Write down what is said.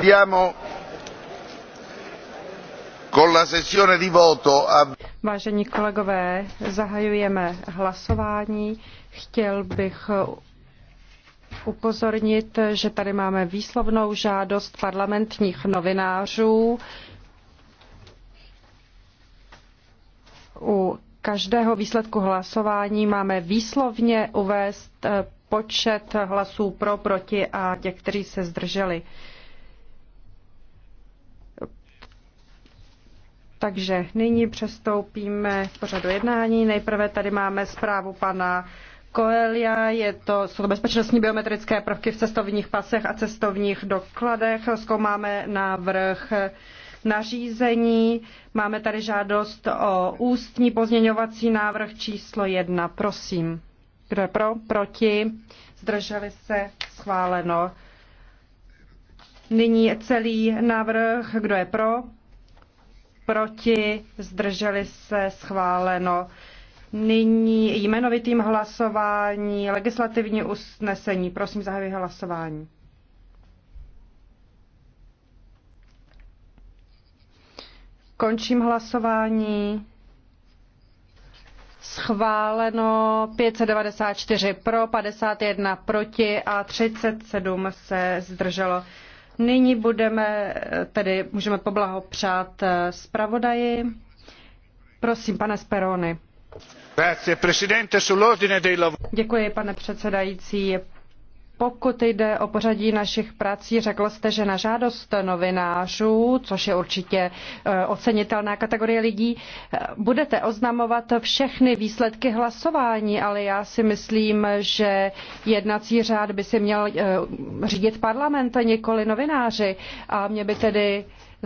Abbiamo con la sessione di voto. Vážení kolegové, zahajujeme hlasování. Chtěl bych upozornit, že tady máme výslovnou žádost parlamentních novinářů u každého výsledku hlasování máme výslovně uvést eh, počet hlasů pro, proti a těch, kteří se zdrželi. Takže nyní přestoupíme k pořadu jednání. Nejprve tady máme zprávu pana Koelia, je to, jsou to bezpečnostní biometrické prvky v cestovních pasech a cestovních dokladech. Zkoumáme návrh nařízení. Máme tady žádost o ústní pozměňovací návrh číslo jedna. Prosím. Kdo je pro? Proti? Zdrželi se? Schváleno. Nyní celý návrh. Kdo je pro? proti, zdrželi se, schváleno. Nyní jmenovitým hlasování, legislativní usnesení. Prosím, zahajuji hlasování. Končím hlasování. Schváleno 594 pro, 51 proti a 37 se zdrželo. Nyní budeme, tedy můžeme poblahopřát eh, zpravodaji. Prosím, pane Speroni. Děkuji, pane předsedající pokud jde o pořadí našich prací, řekl jste, že na žádost novinářů, což je určitě e, ocenitelná kategorie lidí, e, budete oznamovat všechny výsledky hlasování, ale já si myslím, že jednací řád by si měl e, řídit parlament, nikoli novináři. A mě by tedy